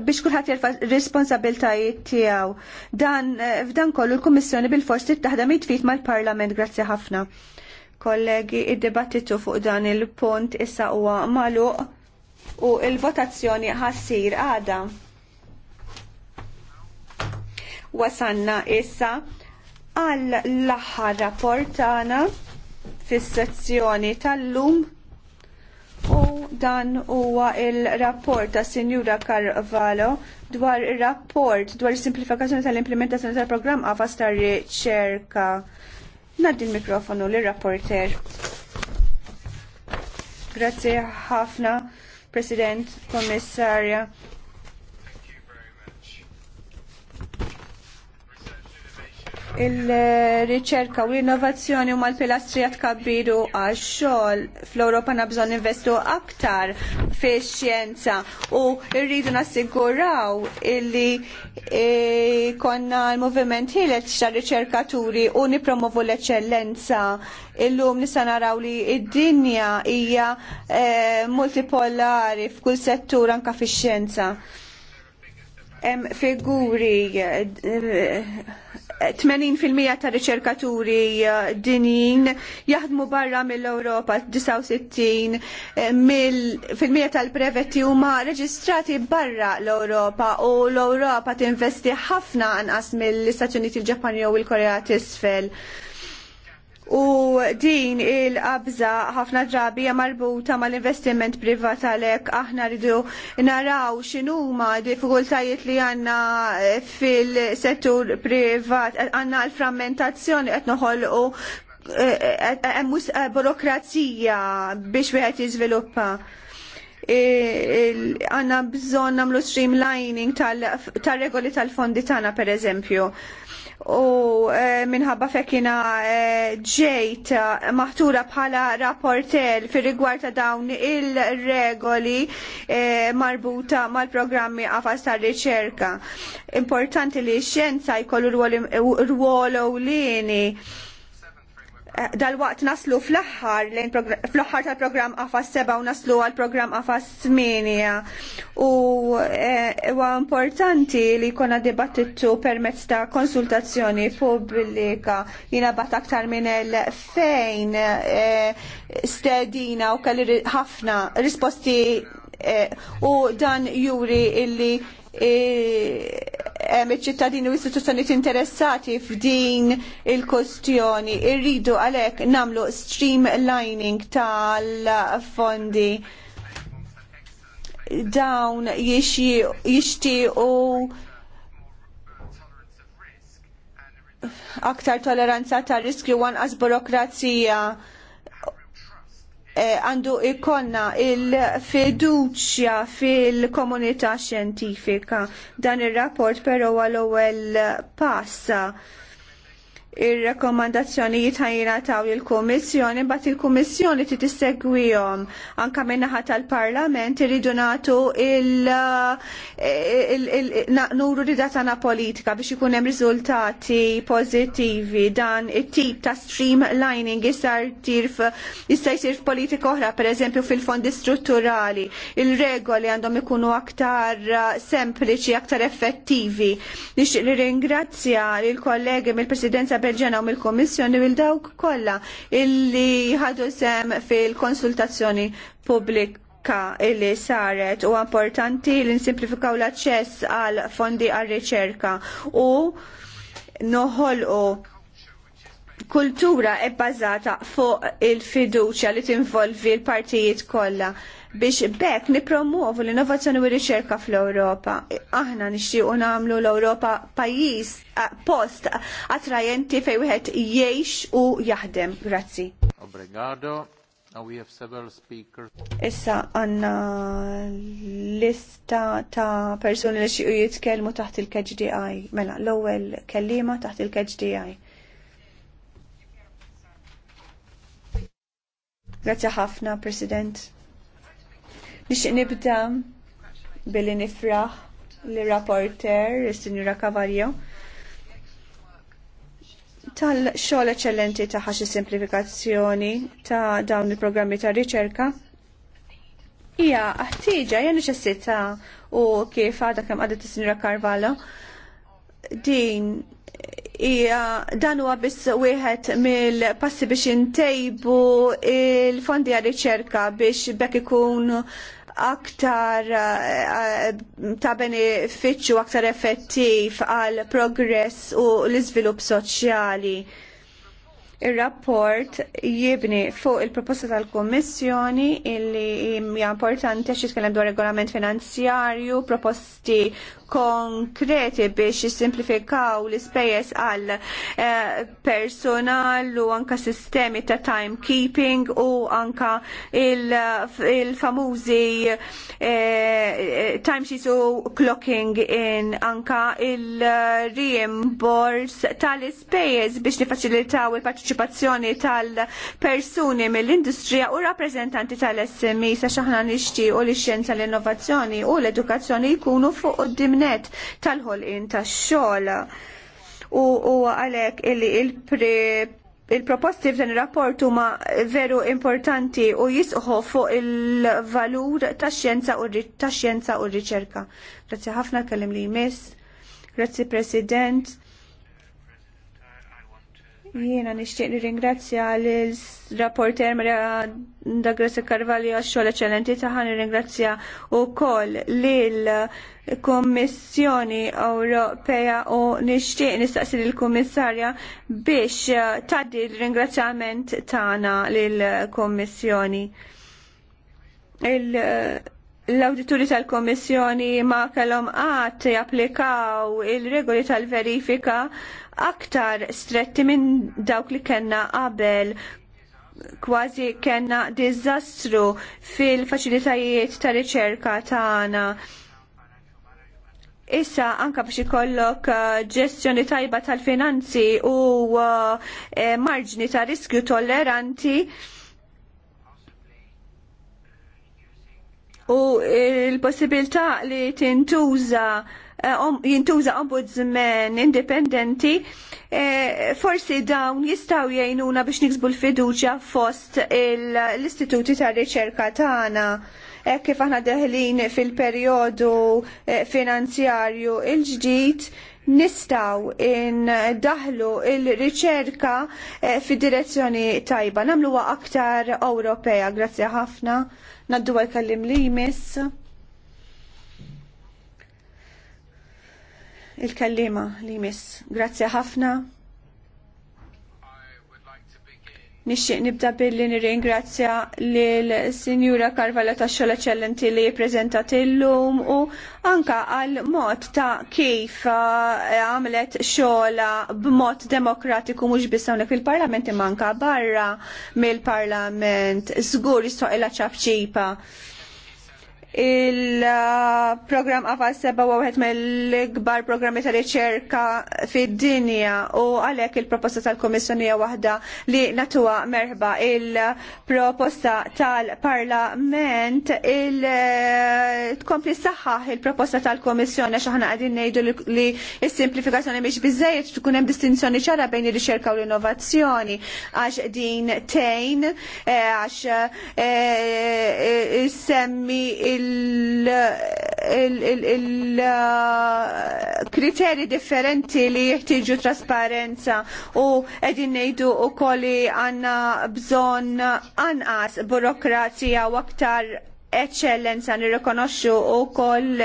biex kulħadd jirfa responsabiltajiet tiegħu. Dan eh, f'dan kollu l-Kummissjoni bil-fors tittaħdem jitfit tfit mal-Parlament grazzi ħafna. Kollegi, id debattitu fuq dan il-punt issa huwa magħluq u l-votazzjoni ħassir għada. Wasanna issa għall laħħa aħħar rapport tagħna fis-sezzjoni tal-lum U dan huwa il-rapport ta' Sinjura Carvalho dwar il-rapport dwar il-simplifikazzjoni tal-implementazzjoni tal-programm għafas ta' riċerka. Naddi l-mikrofonu l-rapporter. Grazie ħafna, President, Komissarja. il-riċerka u l-innovazzjoni huma l-pilastri tkabbiru għax-xogħol fl europa nabżon bżonn investu aktar fix-xjenza u rridu nassiguraw illi e, konna l movement ħilet xar riċerkaturi u nipromovu l-eċċellenza illum nista' naraw li id-dinja hija e, multipolari f'kull settur anke fix-xjenza. Hemm figuri e, 80% ta' riċerkaturi eh, dinin jaħdmu barra mill-Europa, 69 eh, mill-fil-mija tal-brevetti huma reġistrati barra l-Europa u l-Europa tinvesti ħafna anqas mill-Istati Uniti, il-Ġapan jew il-Korea t'isfel. isfel U din il-qabża ħafna drabi hija marbuta mal-investiment privat għalhekk aħna rridu naraw x'inhuma diffikultajiet li għandna fil-settur privat għandna l-frammentazzjoni qed noħolqu hemm eh, eh, eh, burokrazija biex wieħed jiżviluppa għanna bżon namlu streamlining tal-regoli tal-fondi tana per eżempju u eh, minħabba fekina eh, ġejt eh, maħtura bħala rapporter fir rigward ta' dawn il-regoli marbuta mal-programmi għafas ta' riċerka. Importanti li x-xjenza jkollu rwol u lini Eh, dal-waqt naslu fl-axħar fl-axħar tal-programm għafas seba u naslu għal-programm għafas 8. u eh, huwa importanti li jkollna dibattitu permezz ta' konsultazzjoni pubblika jina bat aktar minn fejn eh, stedina u kelli ħafna risposti u dan juri illi ċittadini u istituzzjoni interessati f'din il-kustjoni. Irridu għalhekk namlu streamlining tal-fondi dawn jixtiequ aktar toleranza ta' riskju u anqas burokrazija E, għandu e, ikonna il-fiduċja fil-komunità xjentifika. Dan ir rapport però għal ewwel passa ir-rekomandazzjonijiet ħajjina taw il-Kummissjoni, bat il-Kummissjoni ti tissegwihom anka ħat tal-Parlament irridu nagħtu il-nuru li datana politika biex ikun hemm riżultati dan it-tip ta' streamlining jista' jista' jsir f'politika oħra, pereżempju fil-fondi strutturali, il-regoli għandhom ikunu aktar sempliċi, aktar effettivi. Nix li ringrazzja lill kollegi mill-Presidenza mill u mill-Kommissjoni il dawk kollha illi ħadu sem fil-konsultazzjoni pubblika ka li saret u importanti li nsimplifikaw l-aċċess għal fondi għal riċerka u noħolqu kultura ebbażata fuq il-fiduċja li tinvolvi l-partijiet kollha biex bekk nipromuovu l-innovazzjoni u r-riċerka fl-Ewropa. Aħna nixtiequ nagħmlu l-Ewropa pajjiż eh, post attrajenti fejn wieħed jgħix u jaħdem. Grazzi. Obrigado. Now we have several speakers. Issa għanna lista ta' persuni li xiequ jitkellmu taħt il-KGDI. Mela, l-ewwel kellima taħt il-KGDI. Grazie ħafna, President. Nixtieq nibda billi nifraħ li rapporter il sinjura Cavallo tal-xogħol eċċellenti ta' ħaxi simplifikazzjoni ta' dawn il-programmi ta' riċerka. Hija ħtieġa hija neċessità u kif għadha kemm għadha t sinjura Carvalho din hija dan huwa biss wieħed mill-passi biex intejbu il-fondi għar riċerka biex bekk ikun aktar eh, ta' benefiċċju aktar effettiv għal progress u l-iżvilupp soċjali. Ir-rapport jibni fuq il-proposta tal-Kommissjoni illi hija importanti għax jitkellem dwar regolament finanzjarju, proposti konkreti biex jisimplifikaw l-ispejjeż għal eh, personal u anka sistemi ta' timekeeping u anka il-famużi eh, sheets u clocking in anka il-reimburse tal-ispejjeż biex nifaċilitaw il parteċipazzjoni tal-persuni mill-industrija u rappreżentanti tal-SMI sa xaħna nixtiequ li x-xjenza l-innovazzjoni u l-edukazzjoni jkunu fuq qudimna net tal-ħolqien tax-xogħol. U għalhekk illi il il-proposti f'dan ir-rapport huma veru importanti u jisqħu fuq il-valur tax-xjenza u tax-xjenza u r-riċerka. Grazzi ħafna kellim li jmiss. Grazzi President. Jiena nixtieq nirringrazzja l-rapporter Maria Dagres Carvalho għax-xogħol eċċellenti tagħha nirringrazzja wkoll lil Kommissjoni Ewropea u nixtieq nistaqsi lill kummissarja biex eh, tgħaddi l-ringrazzjament tagħna lill Kommissjoni. Il- eh, l-awdituri tal-Komissjoni ma kellhom qatt japplikaw il-regoli tal-verifika aktar stretti minn dawk li kellna qabel kważi kellna diżastru fil-faċilitajiet ta' riċerka tagħna. Issa anka biex ikollok uh, ġestjoni tajba tal-finanzi u uh, eh, marġni ta' riskju tolleranti u l-possibilità li tintuża eh, jintuża ombudsman indipendenti, eh, forsi dawn jistaw jgħinuna biex niksbu l-fiduċja fost l-istituti ta' riċerka tagħna. Eh, kif aħna deħlin fil-perjodu finanzjarju il-ġdid, nistaw in daħlu il-riċerka eh, fi direzzjoni tajba, namluwa aktar Ewropea, grazzi ħafna, naddu għal-kallim li jmiss. Il-kallima li jmiss, grazzi ħafna. Nixtieq nibda billi nirringrazzja lil Sinjura Karvala ta' xogħol eċellenti li jippreżentat illum u anka għal mod ta' kif eh, għamlet xogħla b'mod demokratiku mhux biss hawnhekk fil-Parlament imma anka barra mill-Parlament żgur jistoqilha ċabċipa il-program għafas seba u għet mill-gbar programmi ta' riċerka fid-dinja u għalek il-proposta tal-Komissjoni waħda li natuwa merħba il-proposta tal-Parlament il-tkompli eh, saħħaħ il-proposta tal-Komissjoni xaħna għadin nejdu li il-simplifikazzjoni biex bizzejiet tkun hemm distinzjoni ċara bejn ir-riċerka u l-innovazzjoni għax din tejn eh, għax eh, semmi il- il-kriteri differenti li jeħtieġu trasparenza u qegħdin ngħidu wkoll li għandna bżonn anqas burokrazija u aktar eċċellenza nirrikonoxxu wkoll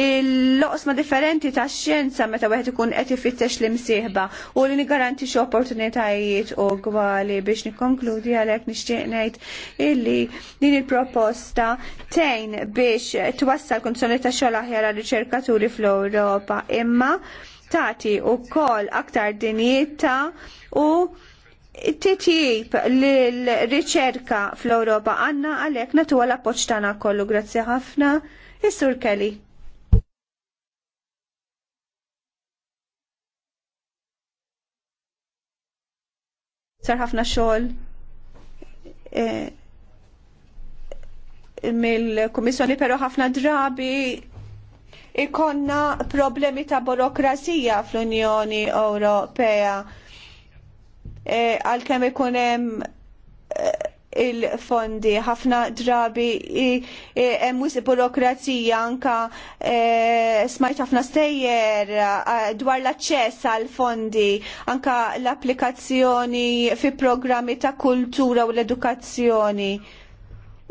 il-loqsma differenti tax-xjenza meta wieħed ikun qed ifittex l-imsieħba u li nigarantixxu opportunitajiet u gwali biex nikkonkludi għalhekk nixtieq ngħid illi din il-proposta tgħin biex twassal kunzjoni ta' xogħol aħjar għar-riċerkaturi fl-Ewropa imma tagħti wkoll aktar dinjità u titjib l-riċerka fl-Europa għanna għalek natu għala poċtana kollu, grazzi ħafna, Is-Sur Kelly. Sar ħafna xogħol eh, mill-Kummissjoni però ħafna drabi ikonna problemi ta' burokrazija fl-Unjoni Ewropea Eh, għalkemm ikun hemm eh, il-fondi ħafna drabi hemm wis burokrazija anka eh, smajt ħafna stejjer dwar l-aċċess għal fondi anka l-applikazzjoni fi programmi ta' kultura u l-edukazzjoni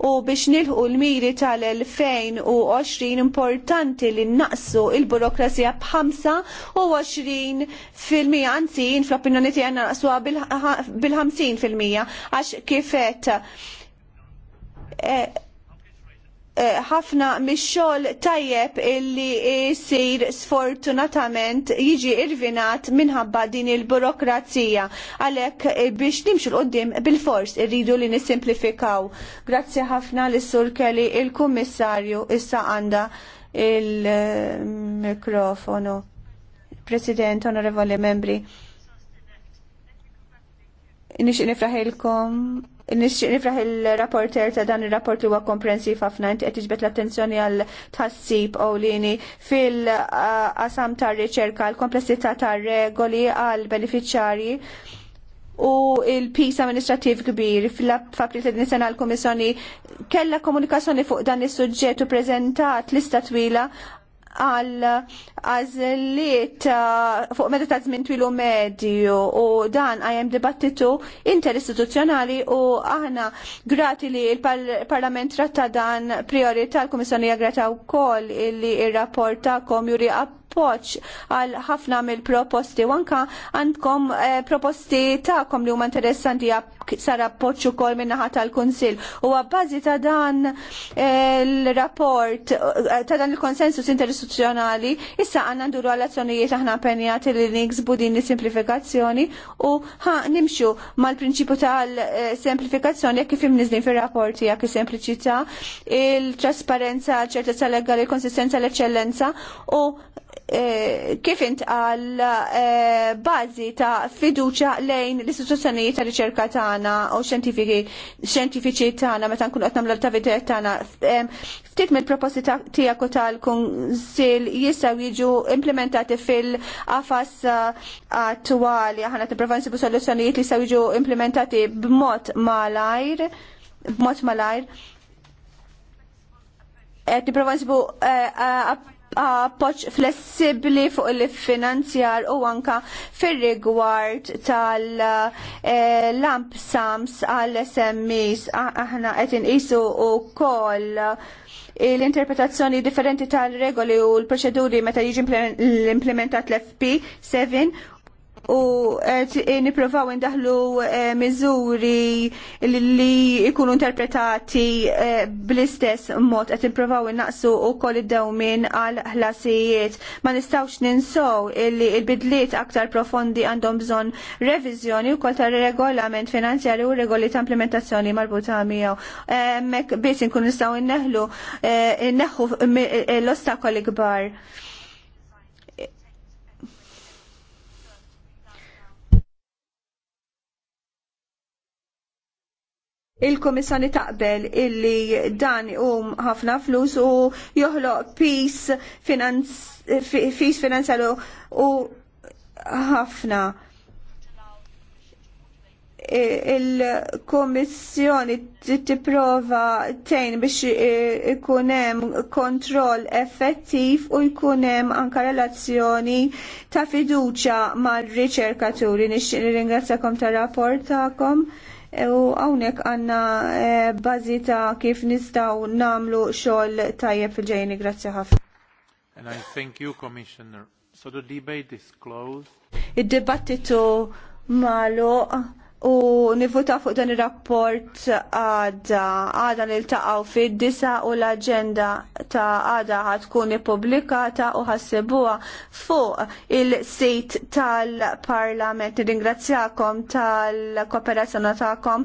u biex nilħu l-miri tal-2020 importanti li naqsu il-burokrazija b-25 fil-mija fl-opinjoni tiegħi naqsuha bil-50 fil-mija għax kifet eh, Eh, ħafna mix-xogħol tajjeb illi jsir sfortunatament jiġi irvinat minħabba din il-burokrazija. Għalhekk eh, biex nimxu l qoddim bil-fors irridu li nissimplifikaw. Grazzi ħafna l sur Kelly il-Kummissarju issa għandha il-mikrofonu. Eh, President, onorevoli membri. Nixtieq nifraħilkom Nixtieq nifraħ il-rapporter ta' dan ir-rapport li huwa komprensiv ħafna inti qed tiġbed l-attenzjoni għal tħassib ewlieni fil-qasam tar-riċerka l-komplessità tar-regoli għal beneficjari u il-pis amministrativ kbir fil-fakulti d-nisena l-Komissjoni kella komunikazzjoni fuq dan is suġġett u prezentat lista twila għal għażliet uh, fuq meta ta' żmien twilu medju u dan għajem dibattitu interistituzzjonali u aħna grati li l-Parlament ratta' dan priorita l-Kummissjoni jagrata wkoll illi il-rapporta tagħkom juri appoċ għal ħafna mill-proposti u anka għandkom eh, proposti tagħkom li huma interessanti sar appoġġ ukoll min-naħa tal-Kunsill. U għabbażi ta' dan il-rapport eh, eh, ta' dan il-konsensus interistituzzjonali issa għandna nduru għal azzjonijiet aħna penjati li niksbu budin is-simplifikazzjoni u ħa nimxu mal-prinċipju tal-semplifikazzjoni jekk kif nizni fir rapport jekk is-sempliċità, il-trasparenza, ċertezza legali, konsistenza l-eċċellenza u Eh, kif intqal eh, bażi ta' fiduċa lejn l-istituzzjonijiet ta' riċerka tagħna u xjentifiċi tagħna meta nkunu qed nagħmlu l-attivitajiet tagħna. Ftit mill-proposti tiegħek u tal-Kunsill jistgħu jiġu implementati fil-qafas eh, attwali aħna tipprova nsibu soluzzjonijiet li jistgħu jiġu implementati b'mod malajr b'mod malajr. Qed nipprova nsibu eh, appoġġ flessibbli fuq il-finanzjar u anka fir-rigward tal-lamp eh, sams għall-SMEs aħna qed inqisu wkoll l-interpretazzjoni differenti tal-regoli u l-proċeduri meta jiġi l-implementat l-FP 7 u eh, niprofaw indaħlu eh, miżuri li jkunu interpretati eh, bl-istess mod qed niprofaw innaqsu wkoll id-dewmin għal ħlasijiet. Ma nistgħux ninsow li l-bidliet aktar profondi għandhom bżonn reviżjoni wkoll tar-regolament finanzjari u regoli ta' implementazzjoni marbuta miegħu. Mek biss kun nistgħu inneħlu inneħħu l-ostakoli kbar. il-Komissjoni taqbel illi dan um ħafna flus u joħloq pis finanz, finanzjalu u ħafna e, il-Komissjoni tipprova tejn biex e, ikun hemm kontroll effettiv u jkun hemm anke relazzjoni ta' fiduċja mar-riċerkaturi. Nixtieq nirringrazzjakom tar rapport tagħkom u hawnhekk għandna e, bażi ta' kif nistgħu nagħmlu xogħol tajjeb fil ġejni Grazzi ħafna. And I thank you, Commissioner. So the debate is closed. id debattitu malu u nivuta fuq dan ir-rapport għada għada nil taqaw fid-disa u l-agenda ta' għada ħatkun ippubblikata u ħassibuha fuq il sejt tal-Parlament. Ringrazzjakom tal-kooperazzjoni tagħkom.